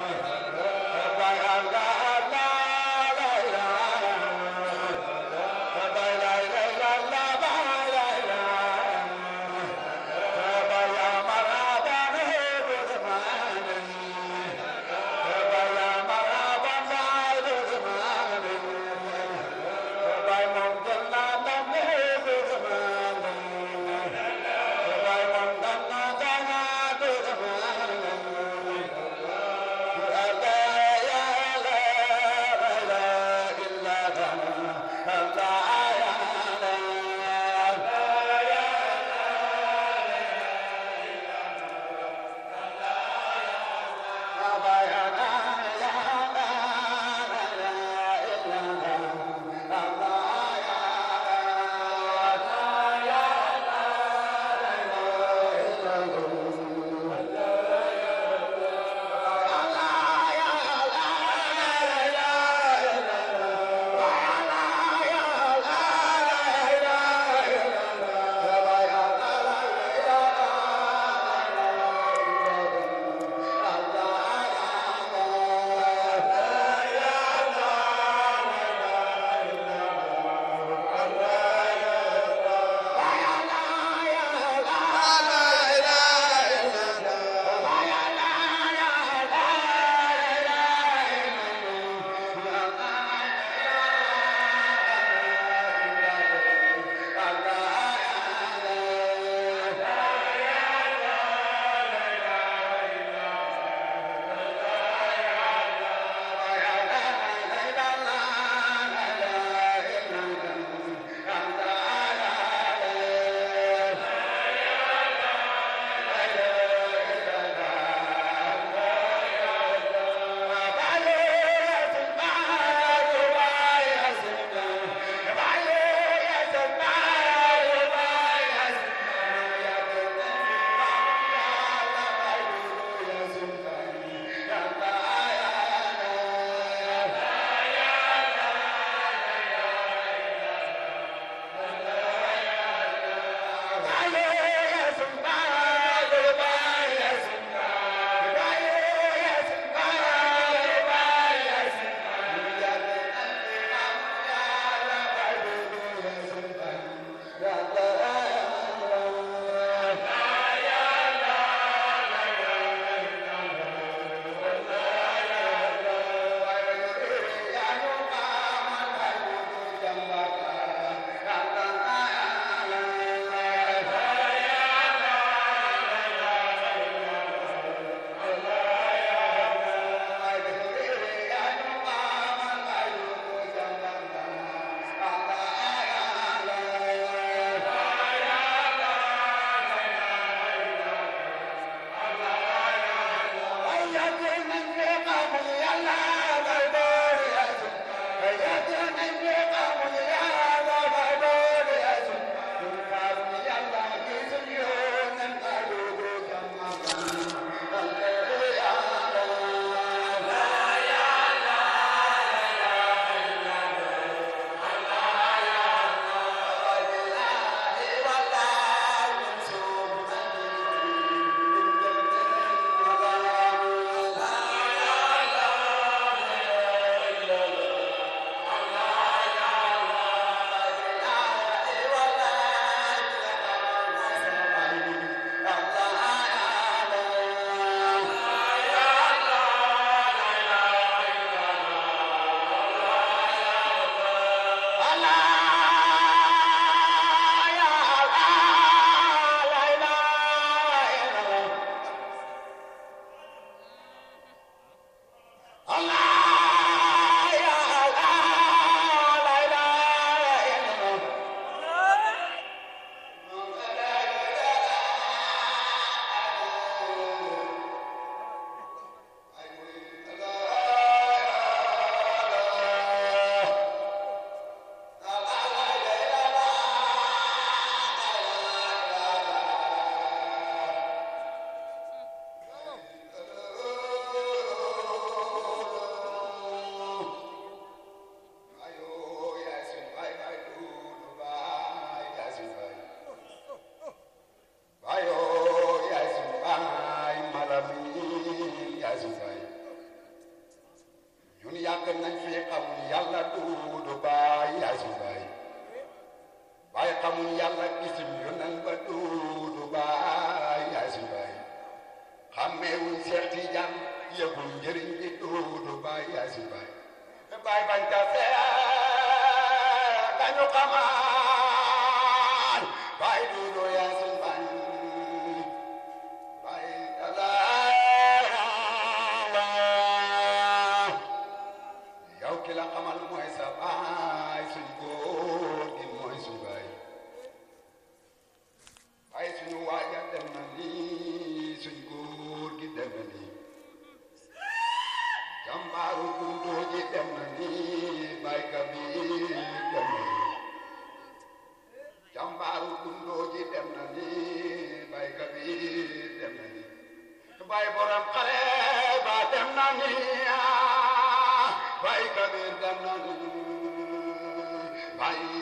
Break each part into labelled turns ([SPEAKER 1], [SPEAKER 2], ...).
[SPEAKER 1] Yeah.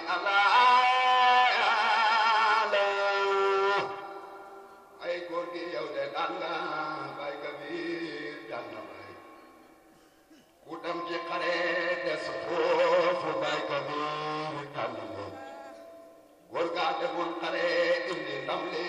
[SPEAKER 1] Allah moo tànn góor gaa demoon xare indi ndam li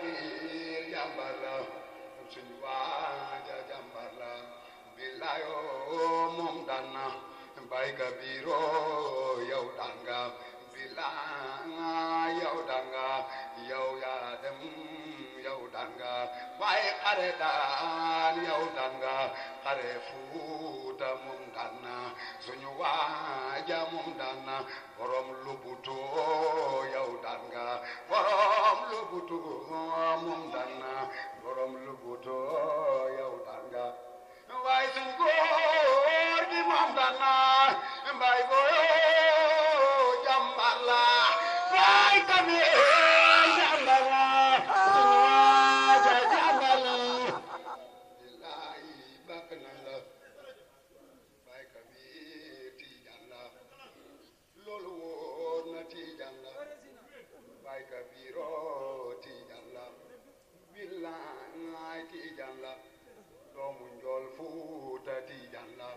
[SPEAKER 1] Jalil jàmbar la suñu waaja jàmbar la bilaayoo moom daan na bay Kabiroo yow daan nga bilaay yow daan borom lubutu yow daan nga borom lubutu moom daan na borom lubutu yow daan nga waaye suñ góor gi moom daan na mbaay booy kabiroo tiijaan la billaay la doomu njool fuuta tiijaan la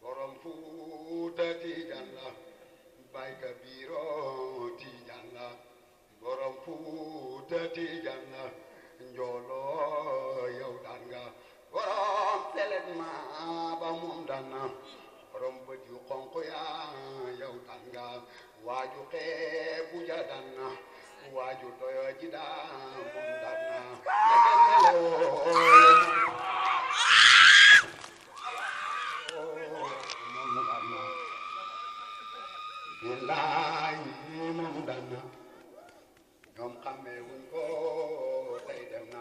[SPEAKER 1] borom fuuta tiijaan la la borom fuuta tiijaan la njooloo yow daan borom telet ma ba moom daan na borom bët yu xonq yaa yow daan waaju xeebu ja daan waaju doyo ji daa moom daan naa moom daan naa billaay moom daan naa dem na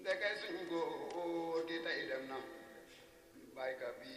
[SPEAKER 1] ndeke suñ ko di tey dem na baykat bi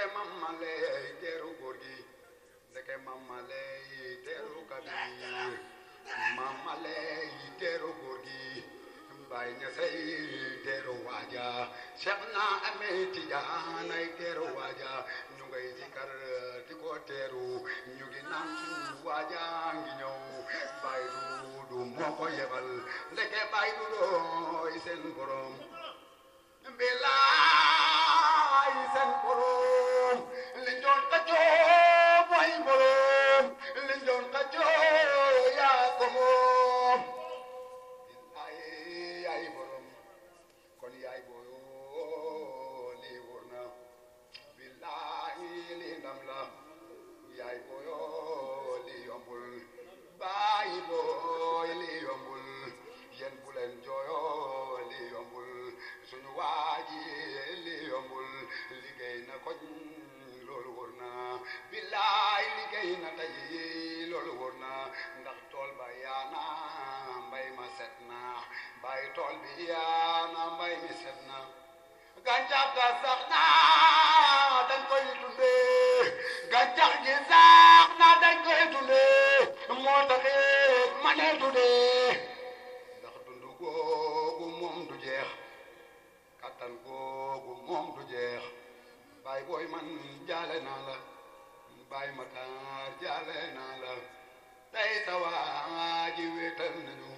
[SPEAKER 1] ndeke mam ma lay teeru góor gi ndeke mam ma lay teeru kabir mam ma lay teeru góor gi mbay ña say teeru waaja cheikh na amee tijaanay teeru waaja ñu ngay zikar di ko teeru ñu ngi naan suñu waaja ngi ñëw du moo yebal ndeke bay du looy seen borom bilaa googu moom du jeex baay booy man jaale naa la baay mataar jaale naa la tey sawaa ji wéetal nañu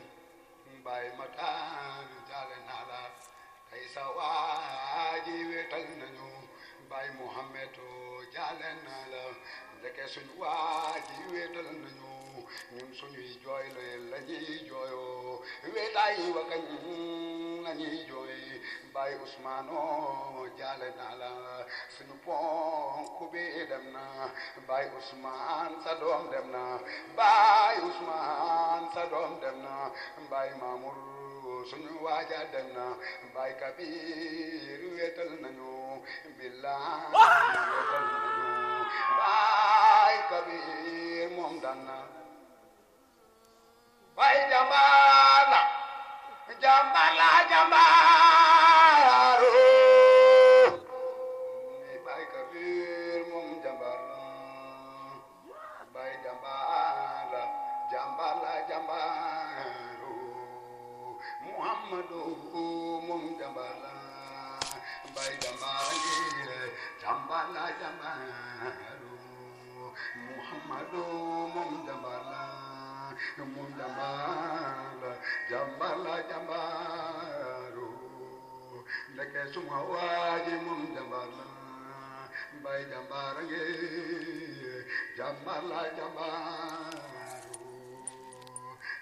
[SPEAKER 1] baay mataar jaale naa la tey sawaa nañu baay muhammedu jaale naa la ndeke suñu nañu ñun suñuy jooy looy jooyoo wéetaay wa kañ la jooy Baye Ousmano jaale naa suñu ponk bi dem na Baye Ousmane sa doom na Baye Ousmane sa doom dem na Baay Kabir wetal nañu billaay Baay Kabir moom daan na wai jamala jamala jamaro ni bay kabir mom jambara bay jambala jambala jambaro muhammadu mom jambala bay jambala jambala jambaro muhammadu mom jambala mundamala jamala jambaru leke sumawaji mundamala bai ye, jamala jambaru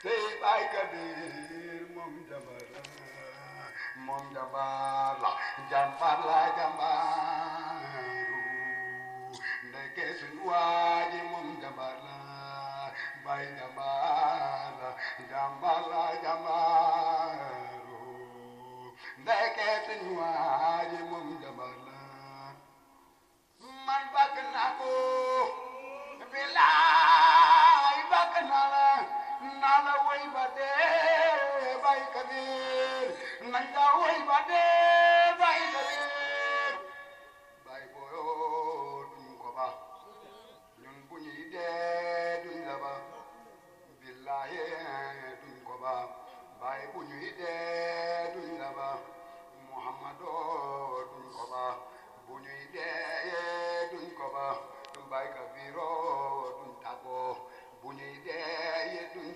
[SPEAKER 1] te bai kabir mum jambala mum jambala jambala jambaru leke sumawaji mum jambala Jamal जमला जमारमल मंबक न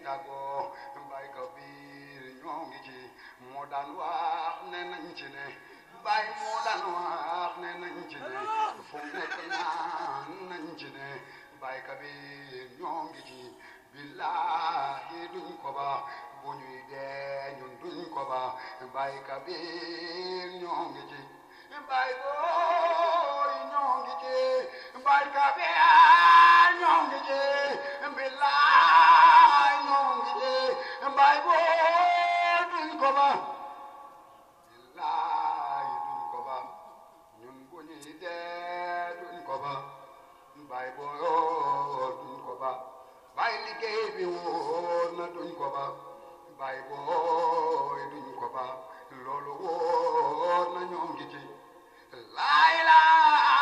[SPEAKER 1] tàggoo Baay Kabiir ñoo ngi ci moo daan ne nañ ne Baay moo daan wax ne nañ ci ne fu nekk naan nañ ci ne Baay Kabiir ñoo ngi ci billaahi duñ ko ba bu ñuy dee Baay Kabiir ñoo ngi ci Baay booy ñoo ngi Baay Kabiir ñoo ngi ci te mbaay boo duñ ko baam billaay duñ ko baam ñun bu dee duñ ko baam mbaay boo duñ ko baam mbaay liggéey bi wóor na duñ ko baam mbaay boo duñ ko baam loolu wóor na ñoo ngi ci laay laa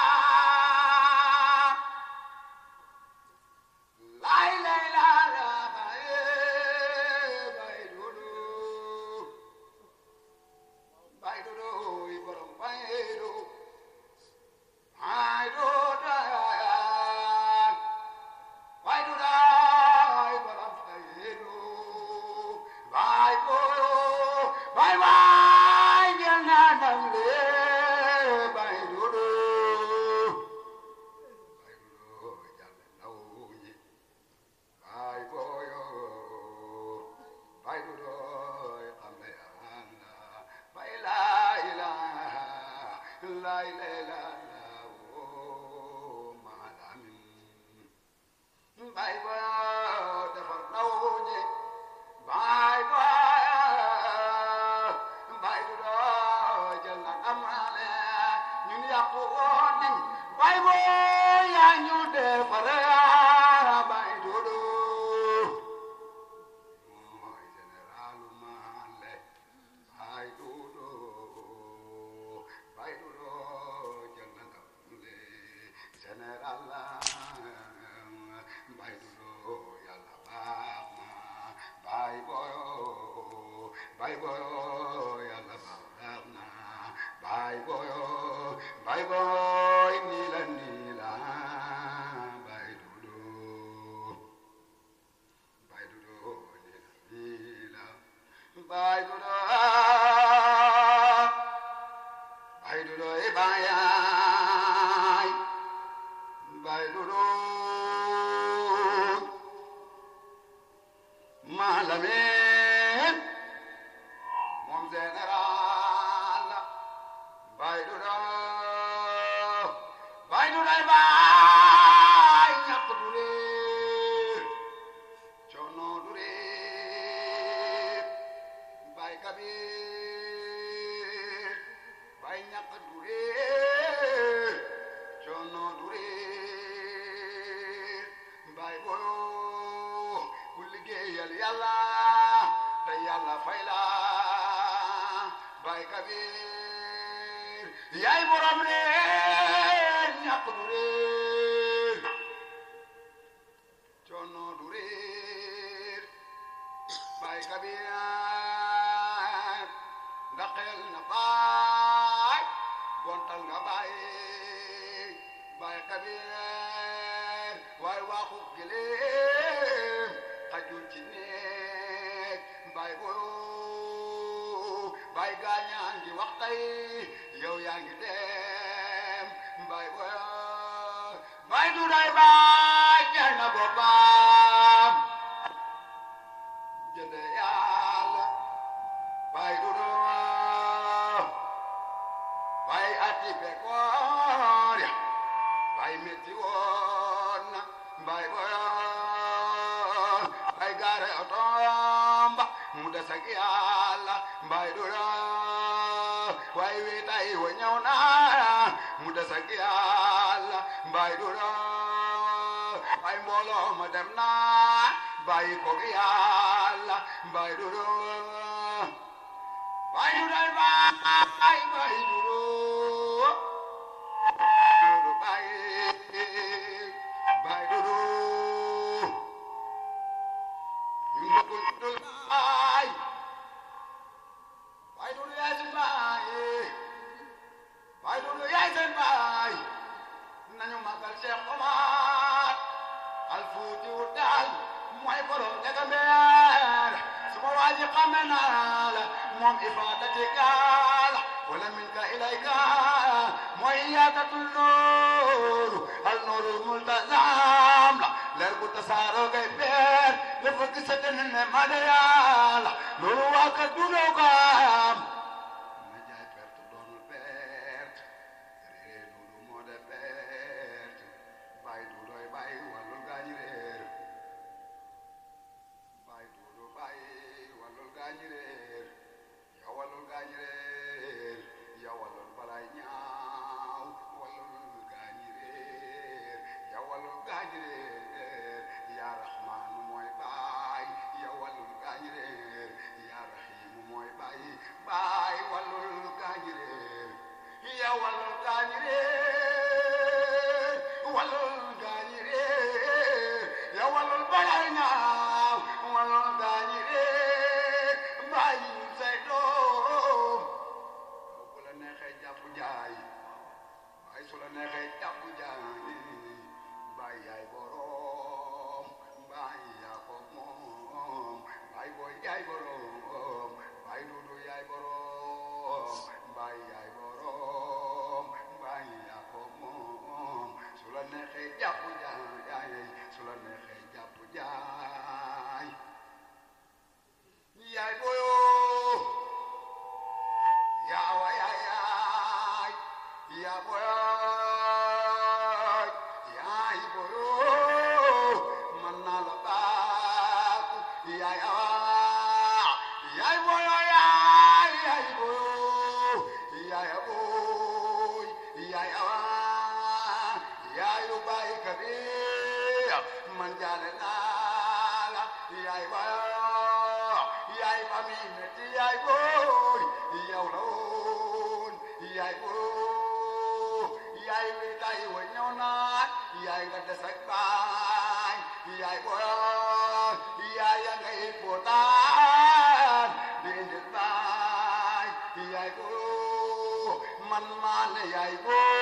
[SPEAKER 1] baay kabiir yaay borom leen ñàkk du réer mbay ɗora way weɗay wo ñawnara muda sagi yalla mbay ɗora ay mbolo ma dem na bayi kogi yalla mbay ɗora way ɗoray bay bay غمير سما واجي قمنا مم إفادتك ولا منك إليك مؤيات النور النور الملتزم لربو تسارو غير لفك ستن مديال نور واقع دونوكم Alegre. باي كبير من جال نالا يا يبا يا يبا مين يا يبوي يا ولون يا يبو يا يبداي ونيونا يا يبدا سكاي يا يبو يا يا غير بودان دين باي يا يبو من مان يا يبو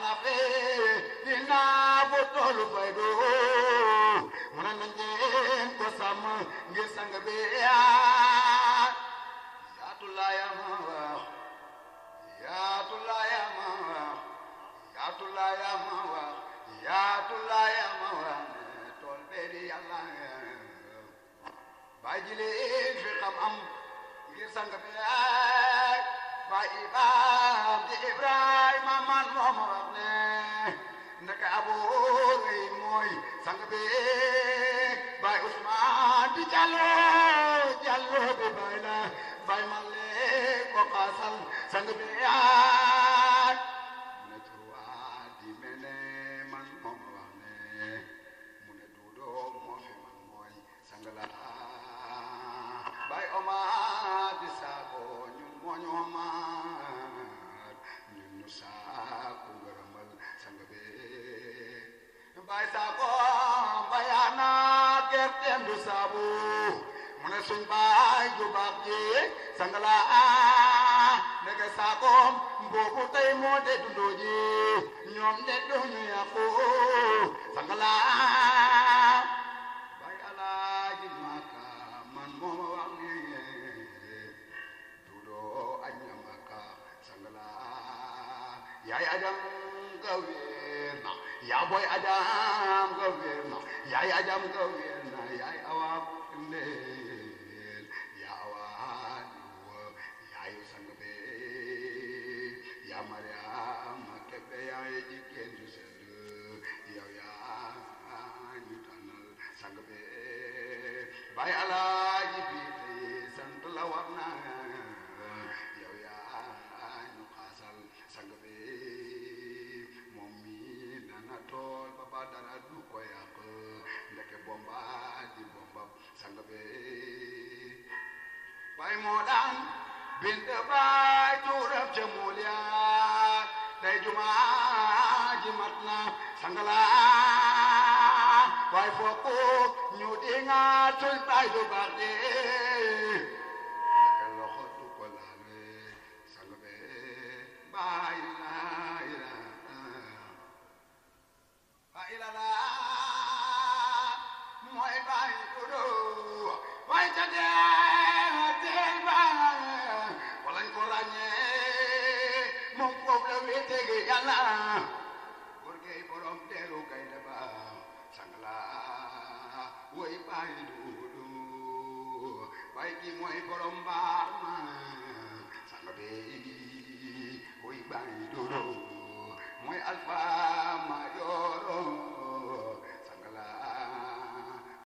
[SPEAKER 1] nafe dina bu tolu bay do mën na ngeen ko sàmm ngir sang bi yaatu laayam waaw yaatu laayam waaw yaatu laayam waaw yaatu laayam waaw tool bee di yàlla bàyyi leen fi xam am ngir sang bi ba imaam di Ibrahima man moom wax ne naka aboor mooy sang bi Usmaan di Jallo Jallo bi bay la bay Malik ko xaasal sang bay saako bayaana gerteem du mu ne suñ baay ju baax ji sangala ndeke saakoom mboobu tey moo de dundoo ñoom de duñu yàqu sangala bay alaaji maaka man mooma wax ni dudoo añ na maaka sangala yaay ajam gawe ya boy adam governor ya ya jam governor ya awap ne mooy moo daan bint baay tuuram ca muul yaa tey jumaa ji mat na ñu di nga tuñ du baax bàyyi dooro mooy alfa